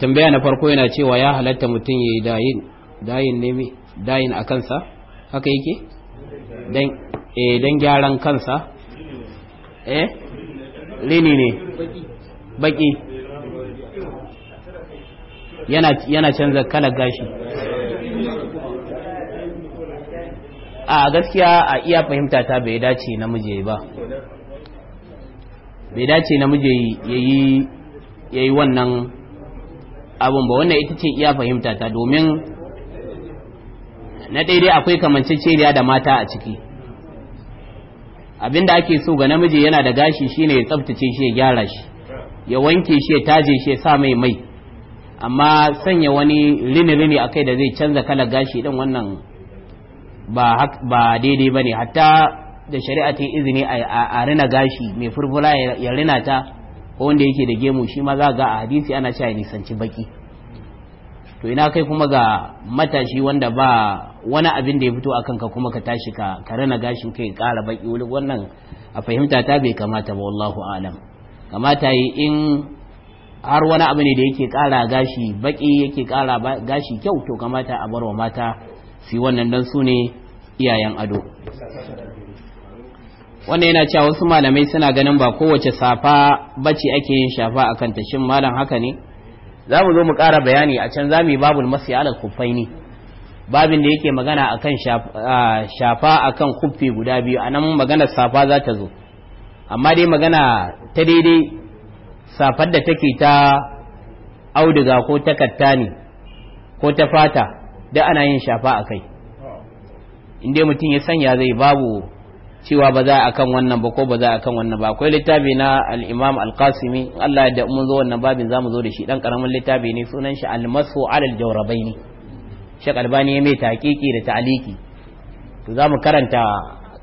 tambaya na farko yana cewa ya halatta mutum ya yi dayin dayin ne dayin a kansa haka yake don eh, gyaran kansa eh rini ne baki yana canza kala gashi a gaskiya a iya fahimta ta bai dace namiji ba bai dace namiji ya yi wannan abun ba wannan ita ce iya fahimta ta domin na daidai akwai kamanceceniya da mata a ciki abinda ake so ga namiji yana da gashi shine ya tsabtace shi ya gyara shi ya wanke shi ya taje shi ya sa mai mai amma sanya wani rini-rini a kai da zai canza kalar gashi din wannan ba daidai ba ne hatta da shari'a ta izini a rina gashi mai furfura ya rina ta ko wanda yake da gemu shi ma za ga a hadisi ana cewa ya nisanci baki to ina kai kuma ga matashi wanda ba wani abin da ya fito akan ka kuma ka tashi ka kare na gashin kai kara baki wani wannan a fahimta ta bai kamata ba wallahu alam kamata yi in har wani abu ne da yake kara gashi baki yake kara gashi kyau to kamata a bar wa mata su wannan dan su ne iyayen ado wannan yana cewa wasu malamai suna ganin ba kowace safa bace ake yin shafa akan ta shin malam haka ne za mu zo mu ƙara bayani a can za mu yi babul masu alal kufaini babin da yake magana akan shafa akan kuffi guda biyu a nan maganar safa za ta zo amma dai magana ta daidai safar da take ta auduga ko ta kattani ko ta fata da ana yin shafa a kai inda mutum ya sanya zai babu cewa ba za a kan wannan ba ko ba za a kan wannan ba akwai littafi na al-imam al-qasimi Allah da mun zo wannan babin zamu zo da shi dan karamin littafi ne sunan shi al-masu alal jawrabaini Sheikh Albani ya mai taqiqi da ta'liqi to zamu karanta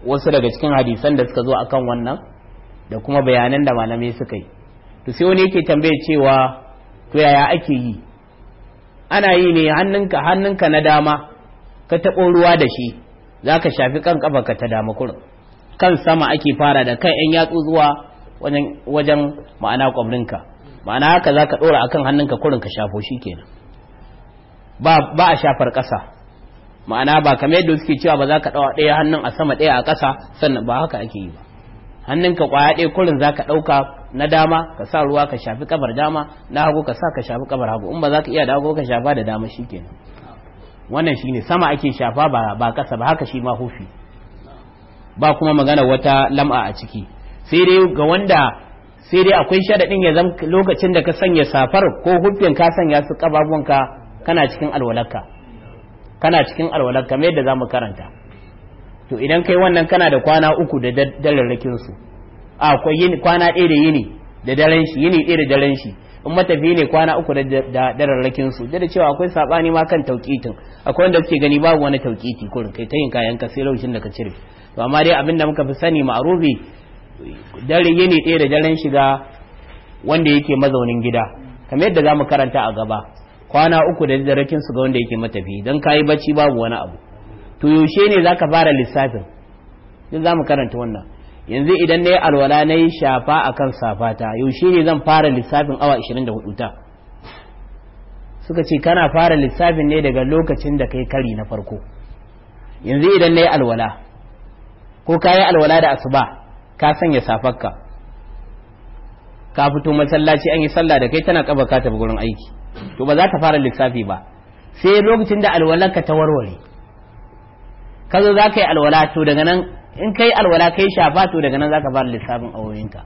wasu daga cikin hadisan da suka zo akan wannan da kuma bayanan da malamai suka yi to sai wani yake tambaye cewa to yaya ake yi ana yi ne hannunka hannunka na dama ka taɓo ruwa da shi zaka shafi kan kafa ka ta dama kurin kan sama ake fara da kan 'yan yatsu zuwa wajen ma'ana kwamrinka ma'ana haka za ka ɗora a kan hannunka kurin ka shafo shi kenan ba a shafar ƙasa ma'ana ba kamar yadda suke cewa ba za ka ɗawa ɗaya hannun a sama ɗaya a ƙasa sannan ba haka ake yi ba hannunka ƙwaya ɗaya kurin za ka ɗauka na dama ka sa ruwa ka shafi kabar dama na hagu ka sa ka shafi kabar hagu in ba za ka iya da hagu ka shafa da dama shi kenan wannan shi ne sama ake shafa ba ƙasa ba haka shi ma hufi ba kuma magana wata lam'a a ciki sai dai ga wanda sai dai akwai shaɗaɗin ya zama lokacin da ka sanya safar ko hufin ka sanya su ƙababuwanka kana cikin alwalarka kana cikin alwalarka mai da za mu karanta to idan kai wannan kana da kwana uku da dalarrakin su akwai kwana ɗaya da yini da daren shi yini ɗaya da daren shi in matafi ne kwana uku da dararrakin su da cewa akwai sabani ma kan tauƙitin akwai wanda suke gani babu wani tauƙiti kurin kai ta yin kayan ka sai lokacin da ka cire to amma dai abin da muka fi sani ma'arufi dare yini ɗaya da daren shiga wanda yake mazaunin gida kamar yadda za mu karanta a gaba kwana uku da darakin su ga wanda yake matafi don kayi bacci babu wani abu to yaushe ne za ka fara lissafin duk za mu karanta wannan yanzu idan na yi alwala na yi shafa a kan safata yaushe ne zan fara lissafin awa 24 ta suka ce kana fara lissafin ne daga lokacin da kai kari na farko yanzu idan na yi alwala ko ka yi alwala da asuba ka sanya safarka ka fito masallaci an yi sallah da kai tana kaba ka tafi gurin aiki to ba za ta fara lissafi ba sai lokacin da alwalarka ta warware ka zo za ka yi alwala to daga nan in ka yi alwala ka yi shafa to daga nan za ka fara lissafin awoyinka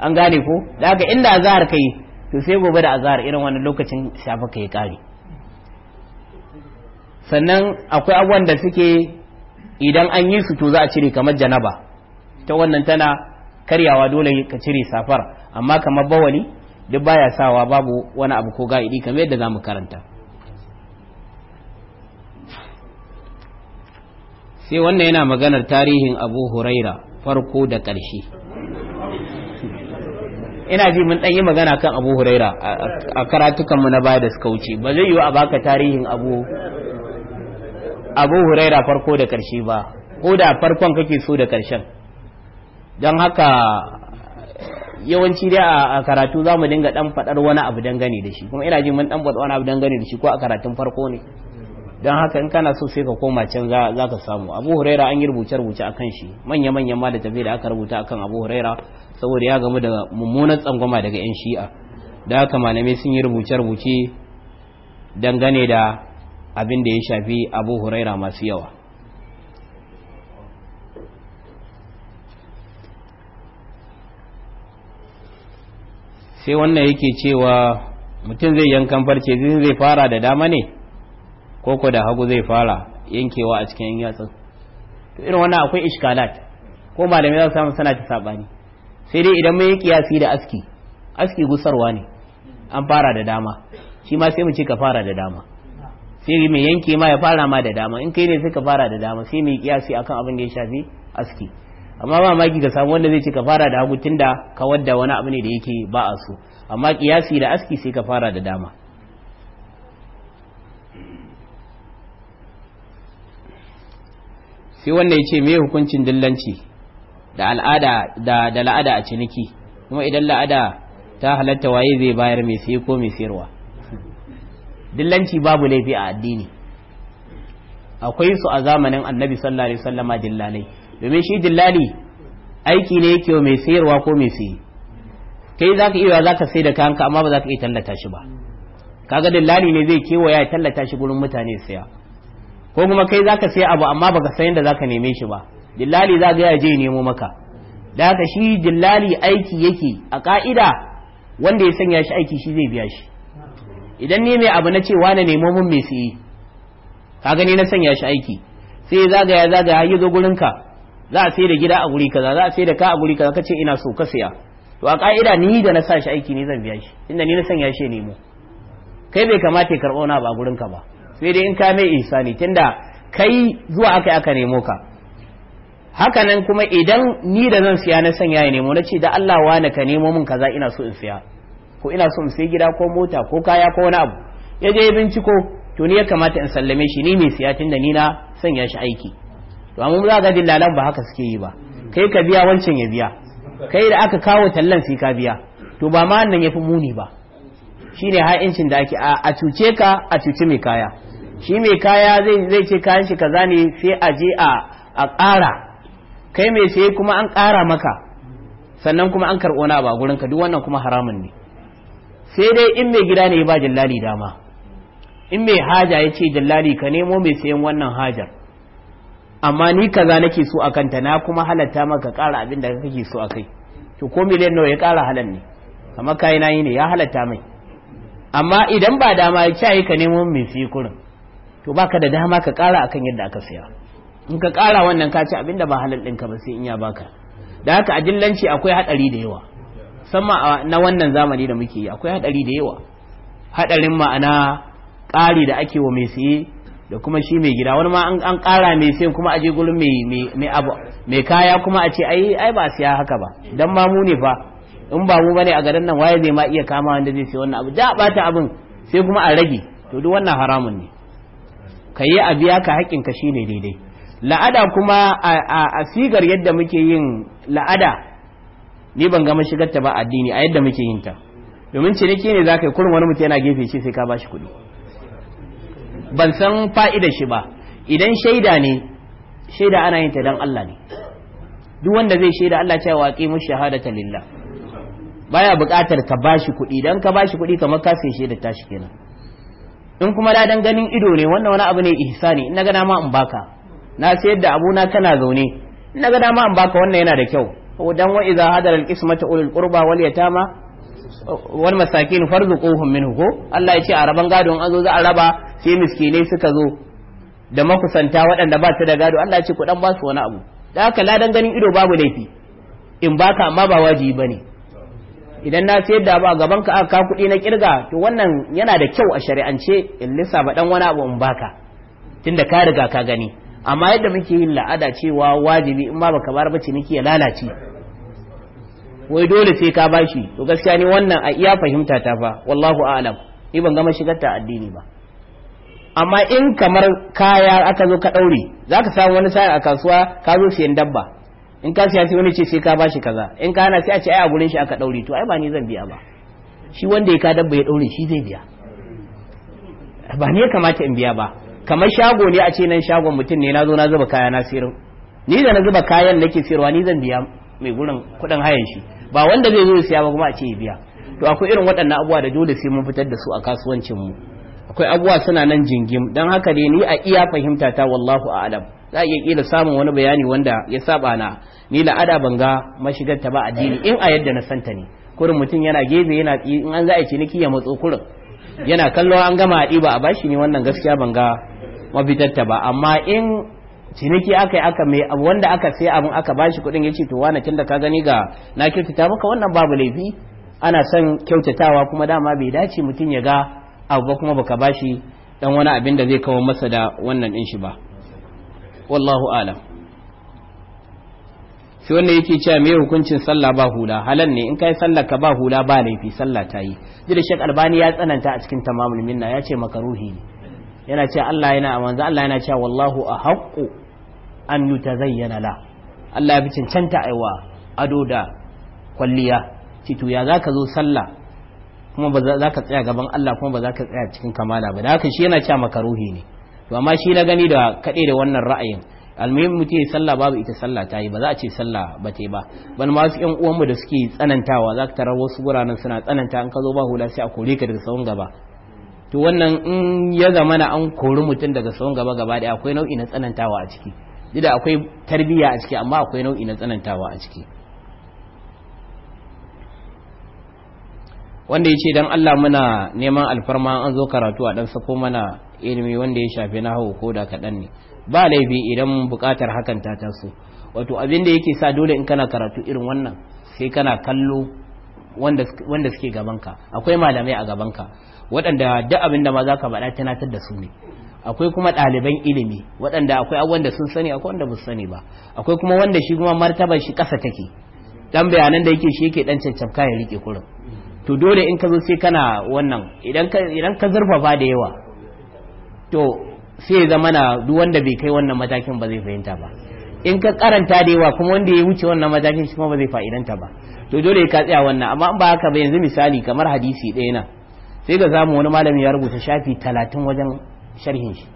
an gane ko da haka inda azahar ka yi to sai gobe da azahar irin wani lokacin shafa ka yi kare sannan akwai abubuwan da suke idan an yi su to za a cire kamar janaba ta wannan tana karyawa dole ka cire safar amma kamar bawali duk baya sawa babu wani abu ko ga'idi kamar yadda za mu karanta sai wannan yana maganar tarihin abu huraira farko da ƙarshe ina ji mun ɗan yi magana kan abu huraira a karatukanmu na baya da suka wuce ba zai yiwu a baka tarihin abu abu huraira farko da karshe ba ko da farkon kake so da karshen don haka yawanci dai a karatu za mu dinga dan faɗar wani abu dangane da shi kuma ina ji mun dan wani abu dangane da shi ko a karatun farko ne don haka in kana so sai ka koma can za ka samu abu huraira an yi rubuce rubuce akan shi manya manyan ma da tafiya da aka rubuta akan abu huraira saboda ya gamu da mummunan tsangwama daga yan shi'a da haka malamai sun yi rubuce rubuce dangane da abin da ya shafi abu huraira masu yawa sai wannan yake cewa mutum zai yankan farce zai fara da dama ne ko da hagu zai fara yankewa a cikin yatsun to irin wannan akwai iskalat ko malamai za su samu sana ta sabani sai dai idan mai kiyasi da aski aski gusarwa ne an fara da dama shi ma sai mu ce ka fara da dama sai mai yanke ma ya fara ma da dama in kai ne sai ka fara da dama sai mai kiyasi akan abin da ya shafi aski amma ba maki ga samu wanda zai ce ka fara da hagu tunda ka wadda wani abu ne da yake ba a so amma kiyasi da aski sai ka fara da dama sai wanda ya ce me hukuncin dillanci da al'ada da da la'ada a ciniki kuma idan la'ada ta halatta waye zai bayar mai sai ko mai sayarwa dillanci babu laifi a addini akwai su a zamanin annabi sallallahu alaihi wasallama dillalai domin shi dillali aiki ne yake mai sayarwa ko mai sayi kai zaka iya zaka sai da kanka amma ba zaka iya tallata shi ba kaga dillali ne zai kewaya ya tallata shi gurin mutane saya ko kuma kai zaka sai abu amma baka san yadda zaka neme shi ba dillali za ga ya je nemo maka da haka shi dillali aiki yake a ka'ida wanda ya sanya shi aiki shi zai biya shi idan ni mai abu na ce na nemo mun mai siyi ka gani na sanya shi aiki sai zagaya zagaya ya yazo gurin ka za a sai da gida a guri kaza za a sai da ka a guri kaza kace ina so ka siya to a ka'ida ni da na sa shi aiki ne zan biya shi inda ni na sanya shi nemo kai bai kamata ya karɓo na ba gurin ka ba sai dai in ka mai ihsani tunda kai zuwa aka aka nemo ka hakanan kuma idan ni da zan siya na sanya ya nemo na ce da Allah wa ka nemo min kaza ina so in siya ko ina so in sai gida ko mota ko kaya ko wani abu ya je binciko to ni ya kamata in sallame shi ni mai siya tunda ni na sanya shi aiki to amma za ga dillalan ba haka suke yi ba kai ka biya wancan ya biya kai da aka kawo tallan sai ka biya to ba ma nan yafi muni ba shine ha'incin da ake a cuce ka a cuce mai kaya shi mai kaya zai zai ce kayan shi kaza ne sai a je a a ƙara kai mai sai kuma an ƙara maka sannan kuma an karɓo na ba gurinka duk wannan kuma haramun ne sai dai in mai gida ne ba jallali dama in mai haja ya ce jallali ka nemo mai sayan wannan hajar amma ni kaza nake so a kanta na kuma halatta maka ƙara abin da kake so a kai to ko miliyan nawa ya ƙara halan ne kamar kayi na yi ne ya halatta mai amma idan ba dama ya cayi ka nemo mai sayi kurin to baka da dama ka ƙara akan yadda aka saya in ka ƙara wannan ka ci abin da ba halal ɗinka ba sai in ya baka da haka a dillanci akwai haɗari da yawa musamman na wannan zamani da muke yi akwai hadari da yawa hadarin ma'ana ƙari da ake wa mai siye da kuma shi mai gida wani ma an ƙara mai siyan kuma aje gurin mai kaya kuma a ce ai ai ba siya haka ba dan ma mu ne fa in ba mu bane a garin nan waye zai ma iya kama wanda zai siya wannan abu da bata abin sai kuma a rage to duk wannan haramun ne ka yi a biya ka haƙƙin ka shine daidai la'ada kuma a sigar yadda muke yin la'ada ni ban ga mashigar ta ba addini a yadda muke yin ta domin ciniki ne za ka yi kurin wani mutum yana gefe shi sai ka ba shi kuɗi ban san fa'ida shi ba idan shaida ne shaida ana yin ta don Allah ne duk wanda zai shaida Allah cewa waƙi mu shahadata lillah baya buƙatar ka bashi kuɗi dan ka bashi kuɗi kamar ka sai shaida tashi kenan in kuma da dan ganin ido ne wannan wani abu ne ihsani in naga dama in baka na sayar da abu na kana zaune in naga dama in baka wannan yana da kyau dan wa idza hadara alqismata ulul qurba wal yatama wal masakin farzuquhum minhu ko Allah ya ce a raban gado an zo za raba sai miskinai suka zo da makusanta waɗanda ba su da gado Allah ya ce ku dan ba su wani abu da haka ladan ganin ido babu laifi in baka amma ba ba ne. idan na sayar da ba gaban ka aka kuɗi na kirga to wannan yana da kyau a shari'ance in ba dan wani abu in baka tunda ka riga ka gani amma yadda muke yin la'ada cewa wajibi in ma baka bar ba ciniki ya lalace wai dole sai ka bashi to gaskiya ni wannan a iya fahimta ta fa wallahu a'lam ni ban gama shigar ta addini ba amma in kamar kaya aka zo ka daure zaka samu wani sai a kasuwa ka zo siyan dabba in ka siya sai wani ce sai ka bashi kaza in ka hana sai a ce ai a gurin shi aka daure to ai ba ni zan biya ba shi wanda ya ka dabba ya daure shi zai biya ba ya kamata in biya ba kamar shago ne a ce nan shagon mutum ne na zo na zuba kaya na siyar ni da na zuba kayan nake siyarwa ni zan biya mai gurin kudin hayan shi ba wanda zai zo ya siya ba kuma a ce ya biya to akwai irin waɗannan abubuwa da dole sai mun fitar da su a kasuwancin mu akwai abuwa suna nan jingim don haka ne ni a iya fahimta ta wallahu a'lam za a iya kila samun wani bayani wanda ya saba na ni la'ada ban ga mashigar ta ba addini in a yadda na santa ne kurin mutum yana gebe yana in an za a ciniki ya matso kurin yana kallo an gama a ɗiba a bashi ne wannan gaskiya ban ga mafitar ta ba amma in ciniki aka yi aka mai wanda aka sai abin aka bashi kuɗin ya ce to wa na da ka gani ga na kyautata maka wannan babu laifi ana son kyautatawa kuma dama bai dace mutum ya ga abu ba kuma baka bashi dan wani abin da zai kawo masa da wannan din shi ba wallahu alam Shi wanda yake cewa me hukuncin sallah ba hula halan ne in kai sallah ka ba hula ba laifi sallah ta yi jira shek albani ya tsananta a cikin tamamul minna ya ce makaruhi ne yana ce Allah yana manzo Allah yana cewa wallahu a haƙƙo an zayyana la Allah ya fi cancanta aiwa ado da kwalliya citu ya za ka zo sallah kuma ba za ka tsaya gaban Allah kuma ba za ka tsaya cikin kamala ba da haka shi yana cewa makaruhi ne to amma shi na gani da kaɗai da wannan ra'ayin almuhim mutum ya sallah babu ita sallah ta yi ba za a ce sallah ba ta yi ba ban ma su yan uwanmu da suke tsanantawa za ka tarar wasu guranan suna tsananta an ka zo ba hula sai a kore ka daga tsawon gaba to wannan in ya zama na an kori mutum daga tsawon gaba gaba da akwai nau'i na tsanantawa a ciki duk da akwai tarbiyya a ciki amma akwai nau'i na tsanantawa a ciki wanda ya ce don Allah muna neman alfarma an zo karatu a dan sako mana ilimi wanda ya shafi na hau ko da kaɗan ne ba laifi idan buƙatar hakan ta taso wato abin da yake sa dole in kana karatu irin wannan sai kana kallo wanda suke gabanka akwai malamai a gabanka waɗanda duk abin da ma za ka faɗa tunatar da su ne akwai kuma ɗaliban ilimi waɗanda akwai abubuwan da sun sani akwai wanda ba su sani ba akwai kuma wanda shi kuma martabar shi ƙasa take dan bayanan da yake shi yake dan cancabka ya rike kurin to dole in ka zo sai kana wannan idan ka idan ka zurfafa da yawa to sai zama na duk wanda bai kai wannan matakin ba zai fahimta ba in ka karanta da yawa kuma wanda ya wuce wannan matakin shi kuma ba zai fa'idanta ba to dole ka tsaya wannan amma in ba haka ba yanzu misali kamar hadisi ɗaya na sai ga zamu wani malamin ya rubuta shafi talatin wajen sharhin shi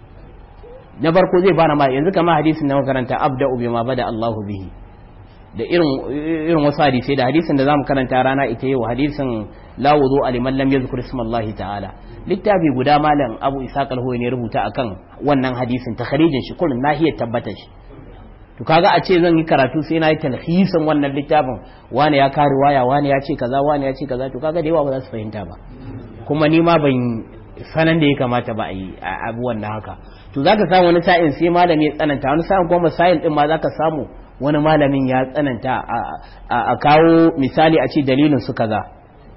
na farko zai fara ma yanzu kamar hadisin na makaranta abda ubi ma bada Allahu bihi da irin wasu hadisai da hadisin da zamu karanta rana ita yau hadisin la wudu aliman lam yadhkur ismallahi ta'ala littafi guda malam abu isa kalhoyi ne rubuta akan wannan hadisin takharijin shi na nahiyar tabbatar shi to kaga a ce zan yi karatu sai na yi talhisan wannan littafin wani ya kare waya wani ya ce kaza wani ya ce kaza to kaga da yawa ba za su fahimta ba kuma ni ma ban sanan da ya kamata ba a yi abubuwan da haka to zaka samu wani sa'in sai malami ya tsananta wani sa'in kuma sa'in din ma za ka samu wani malamin ya tsananta a kawo misali a ce dalilin su kaza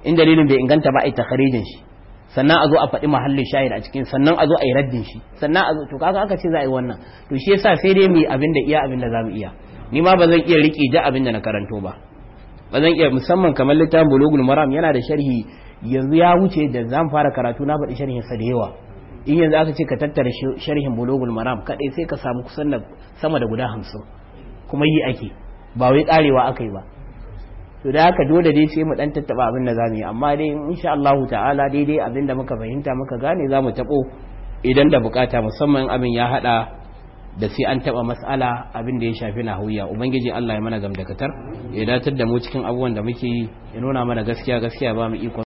in dalilin bai inganta ba a yi takharijin shi sannan a zo a faɗi mahallin shayin a cikin sannan a zo a yi raddin shi sannan a zo to kaga aka ce za a yi wannan to shi yasa sai dai mu abin da iya abin da za mu iya ni ma ba zan iya riƙe ja abin da na karanto ba ba zan iya musamman kamar littafin bulugul maram yana da sharhi yanzu ya wuce da zan fara karatu na faɗi sharhin sa da yawa in yanzu aka ce ka tattara sharhin bulugul maram kaɗai sai ka samu kusan sama da guda hamsin kuma yi ake ba wai karewa aka yi ba to da haka dole dai sai mu dan tattaba abin da zamu yi amma dai insha Allahu ta'ala daidai abin da muka fahimta muka gane zamu tabo idan da bukata musamman abin ya hada da sai an taba mas'ala abin da ya shafi na hauya ubangiji Allah ya mana gamdakatar ya datar da mu cikin abubuwan da muke yi ya nuna mana gaskiya gaskiya ba mu iko